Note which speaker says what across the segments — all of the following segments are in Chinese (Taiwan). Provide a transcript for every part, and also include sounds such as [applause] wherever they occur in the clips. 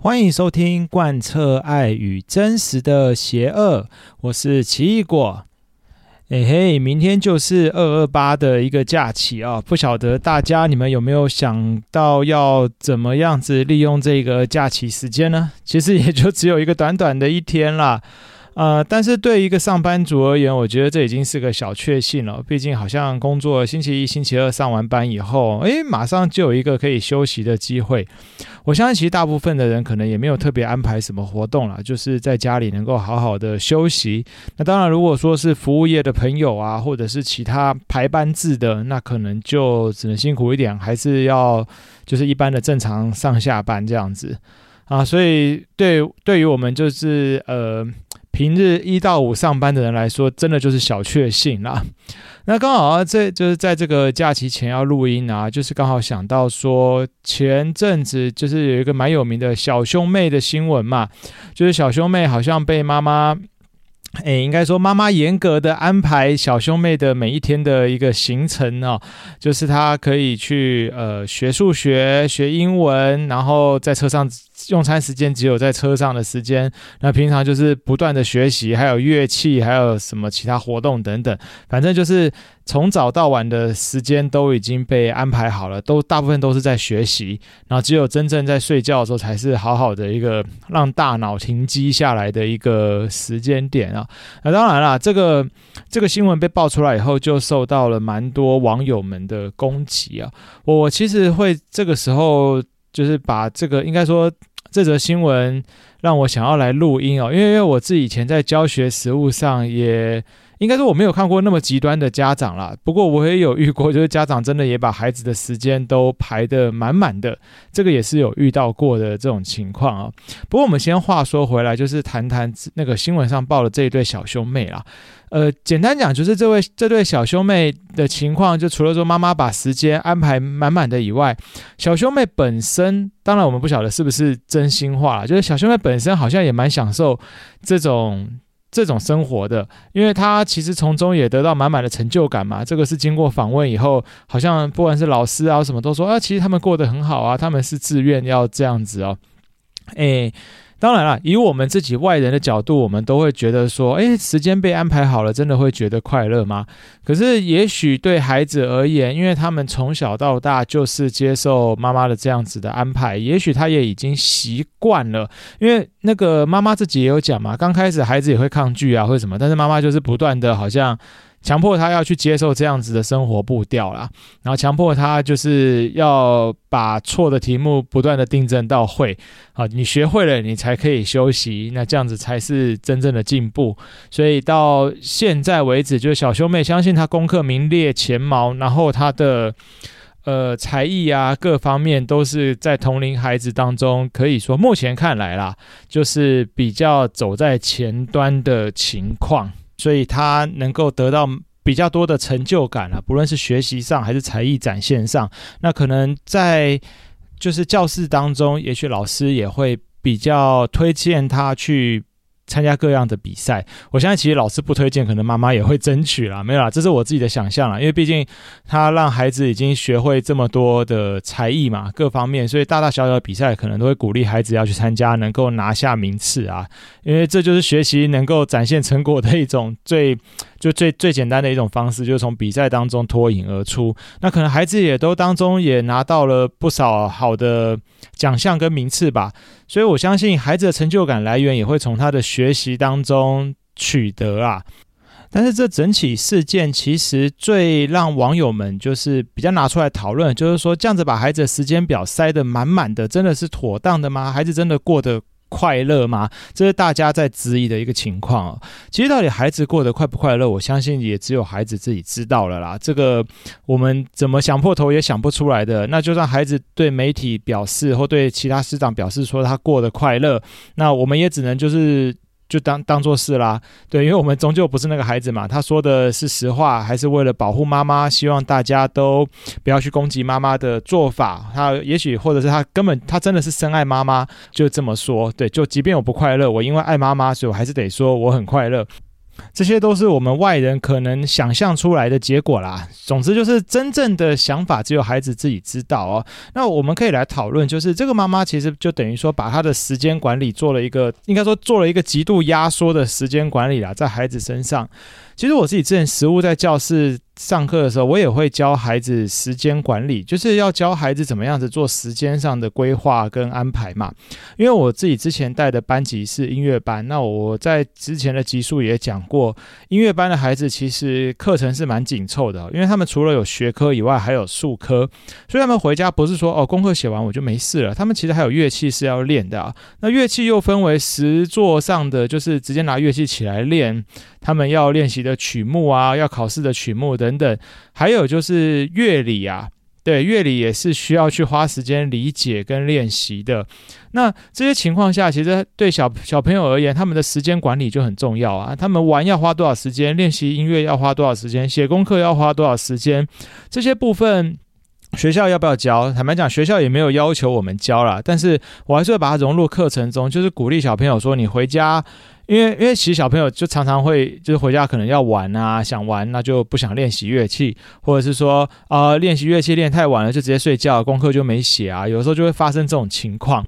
Speaker 1: 歡迎收聽貫徹愛與真實的邪惡，我是奇異果。哎嘿，明天就是二二八的一個假期啊，不曉得大家你們有沒有想到要怎麼樣子利用這個假期時間呢？其實也就只有一個短短的一天啦。呃，但是對一個上班族而言，我覺得這已經是個小確幸了，哦。畢竟好像工作星期一、星期二上完班以後，誒，馬上就有一個可以休息的機會。我相信其實大部分的人可能也沒有特別安排什麼活動啦，就是在家裡能夠好好的休息。那當然，如果說是服務業的朋友啊，或者是其他排班制的，那可能就只能辛苦一點，還是要就是一般的正常上下班這樣子啊。所以對，對於我們就是呃。平日一到五上班的人來說，真的就是小確幸啦，啊。那剛好這，這就是在這個假期前要錄音啊，就是剛好想到說，前陣子就是有一個蠻有名的小兄妹的新聞嘛，就是小兄妹好像被媽媽，誒、欸，應該說媽媽嚴格的安排小兄妹的每一天的一個行程哦、啊，就是她可以去呃學數學、學英文，然後在車上。用餐時間只有在車上的時間，那平常就是不斷的學習，還有樂器，還有什麼其他活動等等，反正就是從早到晚的時間都已經被安排好了，都大部分都是在學習，然後只有真正在睡覺的時候才是好好的一個讓大腦停機下來的一個時間點啊。那當然啦，啊，這個這個新聞被爆出來以後，就受到了蠻多網友們的攻擊啊。我我其實會這個時候就是把這個應該說。這則新聞讓我想要來錄音哦，因為因為我自己以前在教學實務上也。應該說我沒有看過那麼極端的家長啦。不過我也有遇過，就是家長真的也把孩子的時間都排得滿滿的，這個也是有遇到過的這種情況啊。不過我們先話說回來，就是談談那個新聞上報的這一對小兄妹啦。呃，簡單講就是這位這對小兄妹的情況，就除了說媽媽把時間安排滿滿的以外，小兄妹本身，當然我們不曉得是不是真心話啦，就是小兄妹本身好像也蠻享受這種。這種生活的，因為他其實從中也得到滿滿的成就感嘛。這個是經過訪問以後，好像不管是老師啊什麼，都說啊，其實他們過得很好啊，他們是自願要這樣子哦，誒、欸。當然了，以我們自己外人的角度，我們都會覺得說，誒，時間被安排好了，真的會覺得快樂嗎？可是，也許對孩子而言，因為他們從小到大就是接受媽媽的這樣子的安排，也許他也已經習慣了。因為那個媽媽自己也有講嘛，剛開始孩子也會抗拒啊，或者什麼，但是媽媽就是不斷的好像。強迫他要去接受這樣子的生活步調啦，然後強迫他就是要把錯的題目不斷的訂正到會，好、啊，你學會了，你才可以休息，那這樣子才是真正的進步。所以到現在為止，就是小兄妹相信他功課名列前茅，然後他的呃才藝啊，各方面都是在同齡孩子當中，可以說目前看來啦，就是比較走在前端的情況。所以他能夠得到比較多的成就感啊，不論是學習上還是才藝展現上。那可能在就是教室當中，也許老師也會比較推薦他去。參加各樣的比賽，我相信其實老師不推薦，可能媽媽也會爭取啦。沒有啦，這是我自己的想象啦，因為畢竟他讓孩子已經學會這麼多的才藝嘛，各方面，所以大大小小的比賽可能都會鼓勵孩子要去參加，能夠拿下名次啊，因為這就是學習能夠展現成果的一種最。就最最簡單的一種方式，就是從比賽當中脫穎而出。那可能孩子也都當中也拿到了不少好的獎項跟名次吧？所以我相信孩子的成就感來源也會從他的學習當中取得啊。但是這整起事件其實最讓網友們就是比較拿出來討論，就是說這樣子把孩子的時間表塞得滿滿的，真的是妥當的嗎？孩子真的過得？快樂嗎？這是大家在質疑的一個情況哦。其實，到底孩子過得快不快樂，我相信也只有孩子自己知道了啦。這個我們怎麼想破頭也想不出來的。那就算孩子對媒體表示，或對其他師長表示說他過得快樂，那我們也只能就是。就當當作是啦，對，因為我們終究不是那個孩子嘛。他說的是實話，還是為了保護媽媽，希望大家都不要去攻擊媽媽的做法。他也許，或者是他根本，他真的是深愛媽媽，就這麼說。對，就即便我不快樂，我因為愛媽媽，所以我還是得說我很快樂。這些都是我們外人可能想象出來的結果啦。總之，就是真正的想法只有孩子自己知道哦。那我們可以來討論，就是這個媽媽其實就等於說把她的時間管理做了一個，應該說做了一個極度壓縮的時間管理啦，在孩子身上。其實我自己之前實務在教室。上課的時候，我也會教孩子時間管理，就是要教孩子怎麼樣子做時間上的規劃跟安排嘛。因為我自己之前帶的班級是音樂班，那我在之前的集數也講過，音樂班的孩子其實課程是蠻緊湊的，因為他們除了有學科以外，還有術科，所以他們回家不是說哦，功課寫完我就沒事了，他們其實還有樂器是要練的啊。那樂器又分為實作上的，就是直接拿樂器起來練，他們要練習的曲目啊，要考試的曲目的。等等，還有就是樂理啊，對，樂理也是需要去花時間理解跟練習的。那這些情況下，其實對小小朋友而言，他們的時間管理就很重要啊。他們玩要花多少時間，練習音樂要花多少時間，寫功課要花多少時間，這些部分學校要不要教？坦白講，學校也沒有要求我們教了，但是我還是會把它融入課程中，就是鼓勵小朋友說：“你回家。”因為，因為其實小朋友就常常會就是回家可能要玩啊，想玩，那就不想練習樂器，或者是說啊、呃、練習樂器練太晚了，就直接睡覺，功課就沒寫啊，有時候就會發生這種情況。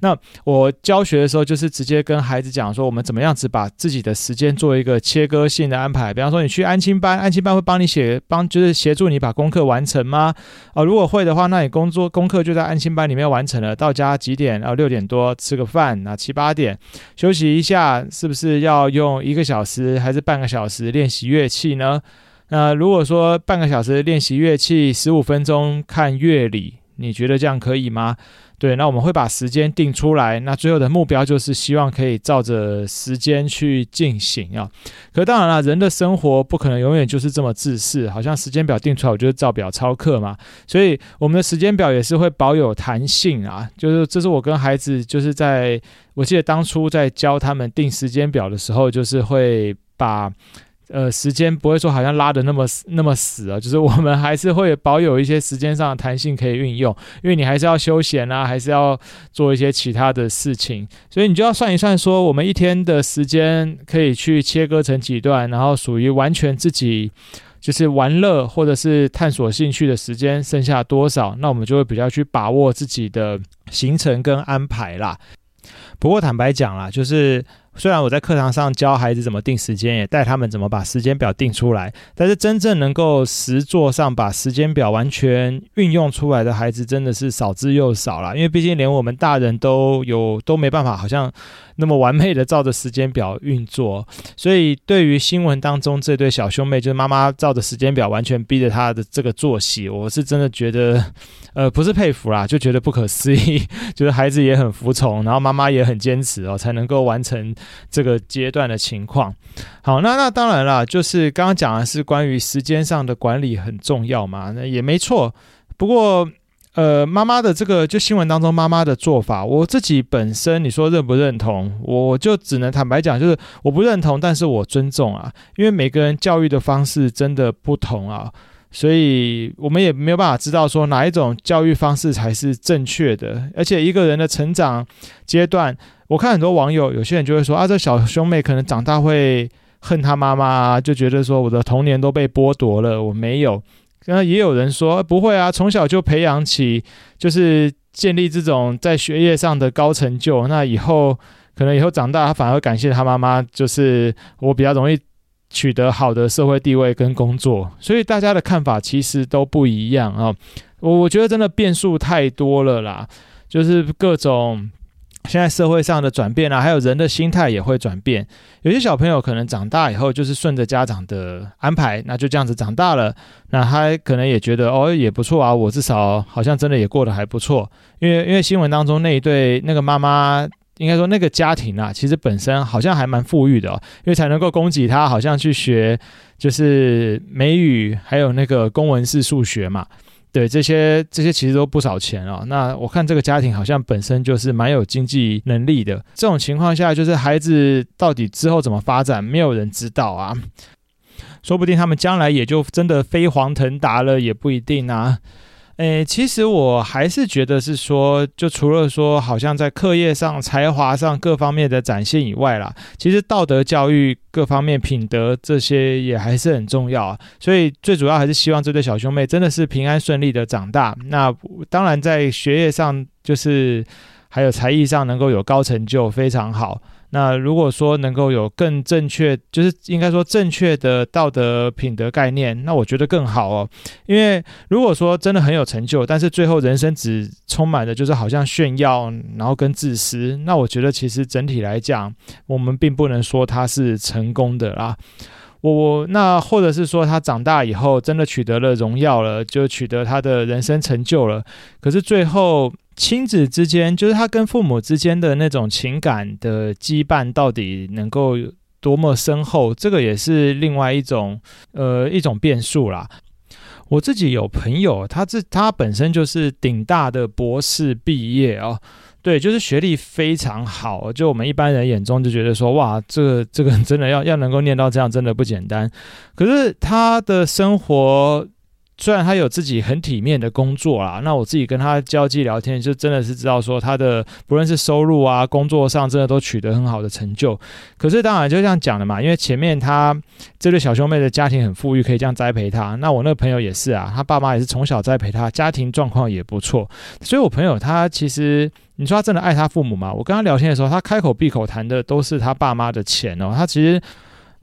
Speaker 1: 那我教學的時候就是直接跟孩子講說，我們怎麼樣子把自己的時間做一個切割性的安排。比方說你去安親班，安親班會幫你寫、幫就是協助你把功課完成嗎？啊、呃，如果會的話，那你工作功課就在安親班裡面完成了。到家幾點啊？呃，六點多吃個飯，那七八點休息一下。是不是要用一個小時還是半個小時練習樂器呢？那、呃、如果說半個小時練習樂器，十五分鐘看樂理，你覺得這樣可以嗎？對，那我們會把時間定出來，那最後的目標就是希望可以照着時間去進行啊。可當然了，人的生活不可能永遠就是這麼制式，好像時間表定出來，我就是照表操課嘛。所以我們的時間表也是會保有彈性啊，就是這是我跟孩子，就是在我記得當初在教他們定時間表的時候，就是會把。呃，時間不會說好像拉得那麼那麼死啊，就是我們還是會保有一些時間上的彈性可以運用，因為你還是要休閒啊，還是要做一些其他的事情，所以你就要算一算，說我們一天的時間可以去切割成幾段，然後屬於完全自己就是玩樂或者是探索興趣的時間剩下多少，那我們就會比較去把握自己的行程跟安排啦。不過坦白講啦，就是雖然我在課堂上教孩子怎麼定時間也，也帶他們怎麼把時間表定出來，但是真正能夠實作上把時間表完全運用出來的孩子，真的是少之又少啦。因為畢竟連我們大人都有都沒辦法，好像那麼完美的照着時間表運作。所以對於新聞當中這對小兄妹，就是媽媽照着時間表完全逼着他的這個作息，我是真的覺得。呃，不是佩服啦，就覺得不可思議，就是孩子也很服從，然後媽媽也很堅持哦，才能夠完成這個階段的情況。好，那那當然啦，就是剛剛講的是關於時間上的管理很重要嘛，那也沒錯。不過，呃，媽媽的這個就新聞當中媽媽的做法，我自己本身你說認不認同，我就只能坦白講，就是我不認同，但是我尊重啊，因為每個人教育的方式真的不同啊。所以我們也沒有辦法知道說哪一種教育方式才是正確的，而且一個人的成長階段，我看很多網友，有些人就會說啊，這小兄妹可能長大會恨他媽媽啊，就覺得說我的童年都被剝奪了，我沒有。那也有人說不會啊，從小就培養起，就是建立這種在學業上的高成就，那以後可能以後長大他反而會感謝他媽媽，就是我比較容易。取得好的社會地位跟工作，所以大家的看法其實都不一樣啊、哦。我我覺得真的變數太多了啦，就是各種現在社會上的轉變啊，還有人的心態也會轉變。有些小朋友可能長大以後就是順着家長的安排，那就這樣子長大了，那他可能也覺得哦也不錯啊，我至少好像真的也過得還不錯。因為因為新聞當中那一對那個媽媽。應該說，那個家庭啊，其實本身好像還蠻富裕的哦，因為才能夠供給他，好像去學就是美語，還有那個公文式數學嘛，對，這些這些其實都不少錢哦。那我看這個家庭好像本身就是蠻有經濟能力的。這種情況下，就是孩子到底之後怎麼發展，沒有人知道啊。說不定他們將來也就真的飛黃騰達了，也不一定啊。欸，其實我還是覺得是說，就除了說，好像在課業上、才華上各方面的展現以外啦，其實道德教育各方面、品德這些也還是很重要啊。所以最主要還是希望這對小兄妹真的是平安順利的長大。那當然在學業上，就是還有才藝上能夠有高成就，非常好。那如果說能夠有更正確，就是應該說正確的道德品德概念，那我覺得更好哦。因為如果說真的很有成就，但是最後人生只充滿的，就是好像炫耀，然後跟自私，那我覺得其實整體來講，我們並不能說他是成功的啦。我我那或者是說他長大以後真的取得了榮耀了，就取得他的人生成就了，可是最後。親子之間，就是他跟父母之間的那種情感的羈絆，到底能夠多麼深厚？這個也是另外一種，呃，一種變數啦。我自己有朋友，他自他本身就是頂大的博士畢業哦，對，就是學歷非常好。就我們一般人眼中就覺得說，哇，這個、這個真的要要能夠念到這樣，真的不簡單。可是他的生活。雖然他有自己很體面的工作啊，那我自己跟他交際聊天，就真的是知道說他的不論是收入啊，工作上真的都取得很好的成就。可是當然就這樣講了嘛，因為前面他這對小兄妹的家庭很富裕，可以這樣栽培他。那我那個朋友也是啊，他爸媽也是從小栽培他，家庭狀況也不錯。所以我朋友他其實你說他真的愛他父母嗎？我跟他聊天的時候，他開口閉口談的都是他爸媽的錢哦，他其實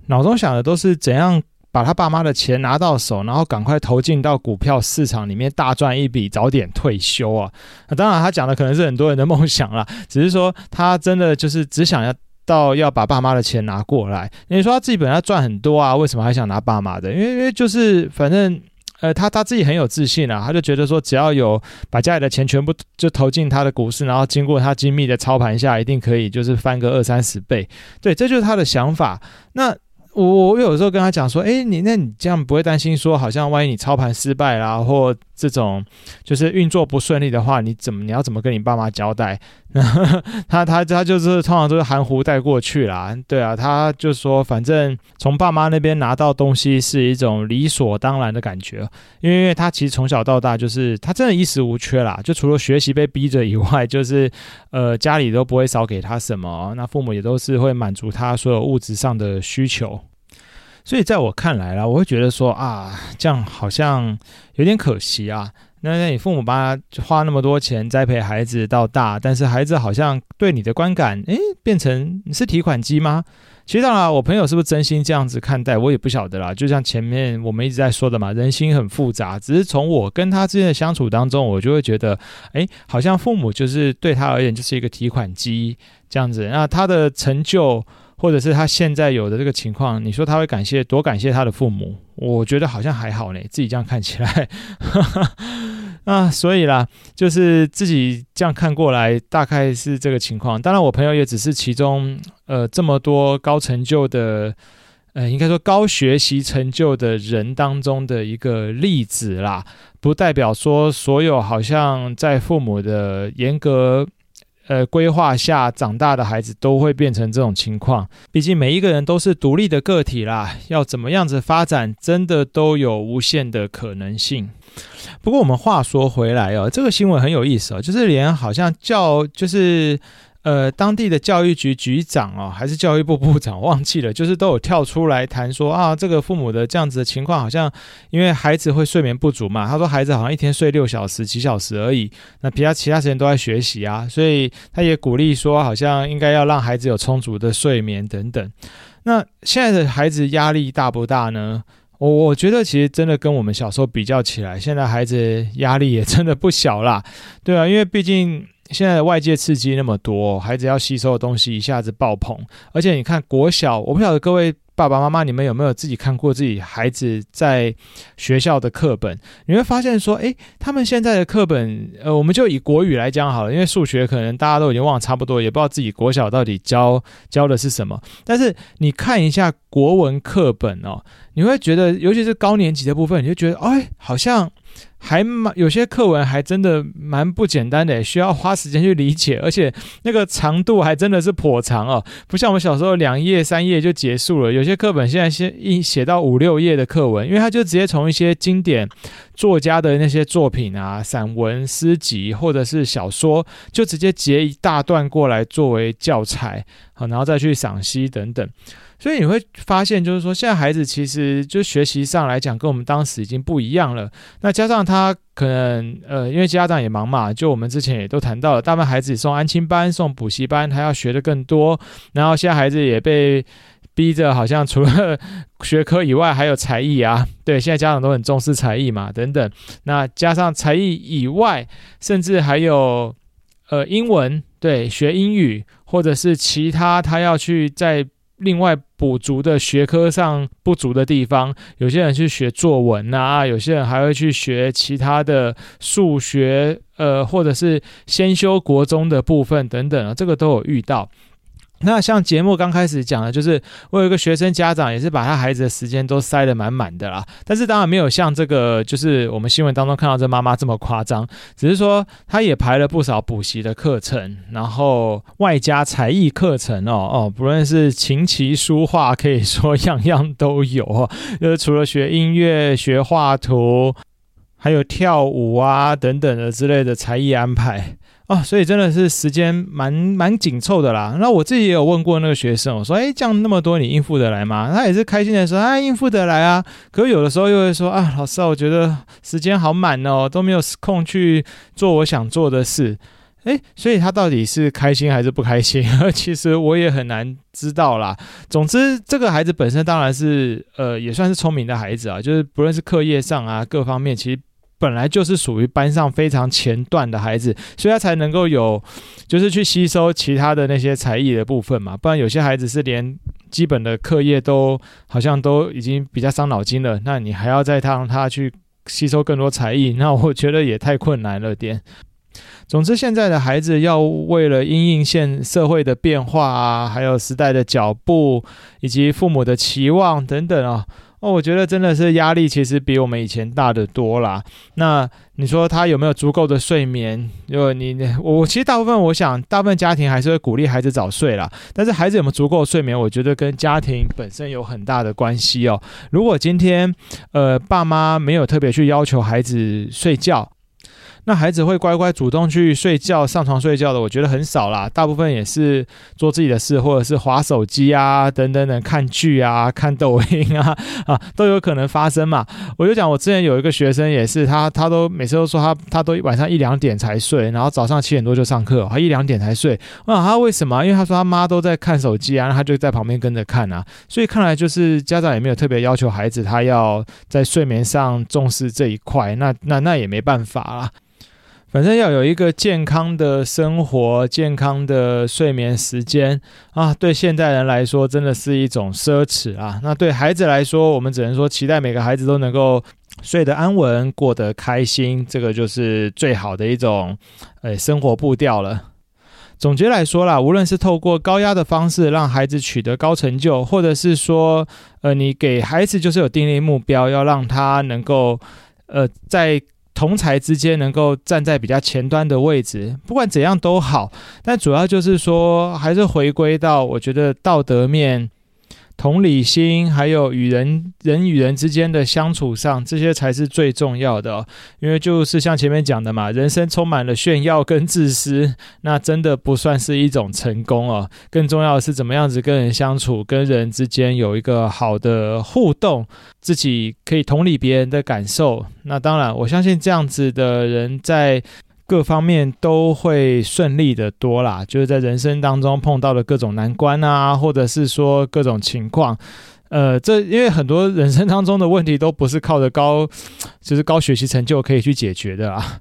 Speaker 1: 腦中想的都是怎樣。把他爸媽的錢拿到手，然後趕快投進到股票市場裡面，大賺一筆，早點退休啊！那當然，他講的可能是很多人的夢想啦，只是說，他真的就是只想要到要把爸媽的錢拿過來。你說他自己本來賺很多啊，為什麼還想拿爸媽的？因為因為就是反正呃，他他自己很有自信啊，他就覺得說，只要有把家裡的錢全部就投進他的股市，然後經過他精密的操盤下，一定可以就是翻個二三十倍。對，這就是他的想法。那。我我有時候跟他講說，哎，你那你這樣不會擔心說，好像萬一你操盤失敗啦，或。這種就是運作不順利的話，你怎麼你要怎麼跟你爸媽交代？ [laughs] 他他他就是通常都是含糊帶過去啦。對啊，他就說反正從爸媽那邊拿到東西是一種理所當然的感覺，因為因為他其實從小到大就是他真的衣食無缺啦，就除了學習被逼着以外，就是呃家裡都不會少給他什麼，那父母也都是會滿足他所有物質上的需求。所以，在我看來啦，我會覺得說啊，這樣好像有點可惜啊。那那你父母幫他花那麼多錢栽培孩子到大，但是孩子好像對你的觀感，誒，變成是提款機嗎？其實當然啦，我朋友是不是真心這樣子看待，我也不曉得啦。就像前面我們一直在說的嘛，人心很複雜。只是從我跟他之間的相處當中，我就會覺得，誒，好像父母就是對他而言就是一個提款機這樣子。那他的成就。或者是他現在有的這個情況，你說他會感謝多感謝他的父母？我覺得好像還好呢，自己這樣看起來。 [laughs] 那所以啦，就是自己這樣看過來，大概是這個情況。當然，我朋友也只是其中呃這麼多高成就的，呃，應該說高學習成就的人當中的一個例子啦，不代表說所有好像在父母的嚴格呃，規劃下長大的孩子都會變成這種情況。畢竟每一個人都是獨立的個體啦，要怎麼樣子發展，真的都有無限的可能性。不過我們話說回來哦，這個新聞很有意思哦，就是連好像叫就是。呃，當地的教育局局長哦，還是教育部部長忘記了，就是都有跳出來談說啊，這個父母的這樣子的情況，好像因為孩子會睡眠不足嘛，他說孩子好像一天睡六小時，幾小時而已，那其他其他時間都在學習啊，所以他也鼓勵說，好像應該要讓孩子有充足的睡眠等等。那現在的孩子壓力大不大呢？我我覺得其實真的跟我們小時候比較起來，現在孩子壓力也真的不小啦，對啊，因為畢竟。現在的外界刺激那麼多，孩子要吸收的東西一下子爆棚。而且你看國小，我不曉得各位爸爸媽媽，你們有沒有自己看過自己孩子在學校的課本？你會發現說，誒，他們現在的課本，呃，我們就以國語來講好了，因為數學可能大家都已經忘了差不多，也不知道自己國小到底教教的是什麼。但是你看一下國文課本哦，你會覺得，尤其是高年級的部分，你就覺得，哎，好像。還蠻有些課文還真的蠻不簡單的，需要花時間去理解，而且那個長度還真的是頗長哦、啊，不像我們小時候兩頁三頁就結束了。有些課本現在寫一寫到五六頁的課文，因為他就直接從一些經典作家的那些作品啊、散文、詩集或者是小說，就直接截一大段過來作為教材，好，然後再去賞析等等。所以你會發現，就是說，現在孩子其實就學習上來講，跟我們當時已經不一樣了。那加上他可能，呃，因為家長也忙嘛，就我們之前也都談到了，大部分孩子送安親班、送補習班，他要學得更多。然後現在孩子也被逼着，好像除了學科以外，還有才藝啊。對，現在家長都很重視才藝嘛，等等。那加上才藝以外，甚至還有呃英文，對，學英語或者是其他他要去在。另外補足的學科上不足的地方，有些人去學作文吶啊，有些人還會去學其他的數學，呃，或者是先修國中的部分等等啊，這個都有遇到。那像節目剛開始講的，就是我有一個學生家長，也是把他孩子的時間都塞得滿滿的啦。但是當然沒有像這個，就是我們新聞當中看到這媽媽這麼誇張，只是說她也排了不少補習的課程，然後外加才藝課程哦哦，不論是琴棋書畫，可以說樣樣都有哦，就是除了學音樂、學畫圖，還有跳舞啊等等的之類的才藝安排。啊，所以真的是時間蠻蠻緊湊的啦。那我自己也有問過那個學生，我說：“誒，這樣那麼多，你應付得來嗎？”他也是開心的說：“啊，應付得來啊。”可是有的時候又會說：“啊，老師啊，我覺得時間好滿哦，都沒有空去做我想做的事。”誒，所以他到底是開心還是不開心？其實我也很難知道啦。總之，這個孩子本身當然是呃也算是聰明的孩子啊，就是不論是課業上啊各方面，其實。本來就是屬於班上非常前段的孩子，所以他才能夠有，就是去吸收其他的那些才藝的部分嘛。不然有些孩子是連基本的課業都好像都已經比較傷腦筋了，那你還要再讓他去吸收更多才藝，那我覺得也太困難了點。總之，現在的孩子要為了因應現社會的變化啊，還有時代的腳步，以及父母的期望等等啊。哦，我覺得真的是壓力其實比我們以前大得多啦。那你說他有沒有足夠的睡眠？就你、你、我，其實大部分我想，大部分家庭還是會鼓勵孩子早睡啦。但是孩子有沒有足夠的睡眠，我覺得跟家庭本身有很大的關係哦。如果今天，呃，爸媽沒有特別去要求孩子睡覺。那孩子會乖乖主動去睡覺、上床睡覺的，我覺得很少啦。大部分也是做自己的事，或者是滑手機啊、等等等、看劇啊、看抖音啊，啊都有可能發生嘛。我就講，我之前有一個學生也是，他他都每次都說他他都晚上一兩點才睡，然後早上七點多就上課、哦，一兩點才睡。我問他為什麼？因為他說他媽都在看手機啊，他就在旁邊跟着看啊。所以看來就是家長也沒有特別要求孩子他要在睡眠上重視這一塊。那那那也沒辦法啦。反正要有一個健康的生活、健康的睡眠時間啊，對現代人來說，真的是一種奢侈。啊那對孩子來說，我們只能說期待每個孩子都能夠睡得安穩、過得開心，這個就是最好的一種呃、哎、生活步調了。總結來說啦，無論是透過高壓的方式讓孩子取得高成就，或者是說，呃，你給孩子就是有訂立目標，要讓他能夠呃在。同儕之間能夠站在比較前端的位置，不管怎樣都好，但主要就是說，還是回歸到我覺得道德面。同理心，還有與人人與人之間的相處上，這些才是最重要的哦。因為就是像前面講的嘛，人生充滿了炫耀跟自私，那真的不算是一種成功哦。更重要的是，怎麼樣子跟人相處，跟人之間有一個好的互動，自己可以同理別人的感受。那當然，我相信這樣子的人在。各方面都會順利的多啦，就是在人生當中碰到的各種難關啊，或者是說各種情況，呃，這因為很多人生當中的問題都不是靠着高，就是高學習成就可以去解決的啊。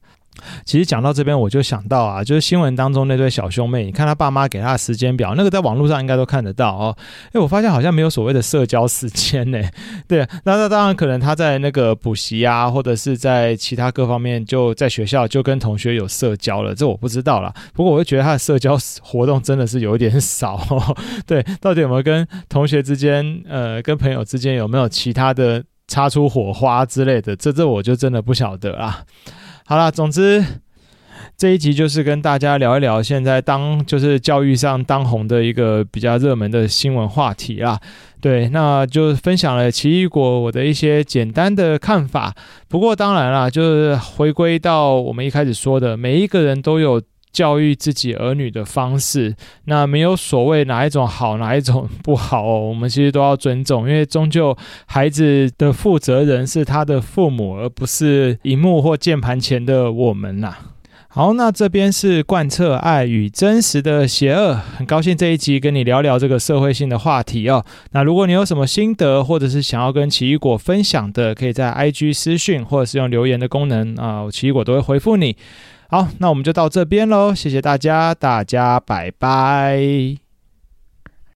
Speaker 1: 其實講到這邊，我就想到啊，就是新聞當中那對小兄妹，你看他爸媽給他的時間表，那個在網絡上應該都看得到哦。哎，我發現好像沒有所謂的社交時間呢。對，那那當然可能他在那個補習啊，或者是在其他各方面就在學校就跟同學有社交了，這我不知道啦。不過我就覺得他的社交活動真的是有一點少哦。對，到底有沒有跟同學之間呃跟朋友之間有沒有其他的擦出火花之類的？這這我就真的不曉得啦。好啦，總之這一集就是跟大家聊一聊現在當就是教育上當紅的一個比較熱門的新聞話題啦。對，那就分享了奇異果我的一些簡單的看法。不過當然啦，就是回歸到我們一開始說的，每一個人都有。教育自己兒女的方式，那沒有所謂哪一種好，哪一種不好哦。我們其實都要尊重，因為終究孩子的負責人是他的父母，而不是熒幕或鍵盤前的我們吶、啊。好，那這邊是貫徹愛與真實的邪惡，很高興這一集跟你聊聊這個社會性的話題哦。那如果你有什麼心得，或者是想要跟奇異果分享的，可以在 IG 私訊，或者是用留言的功能啊，奇異果都會回復你。好，那我們就到這邊嘍，謝謝大家，大家拜拜。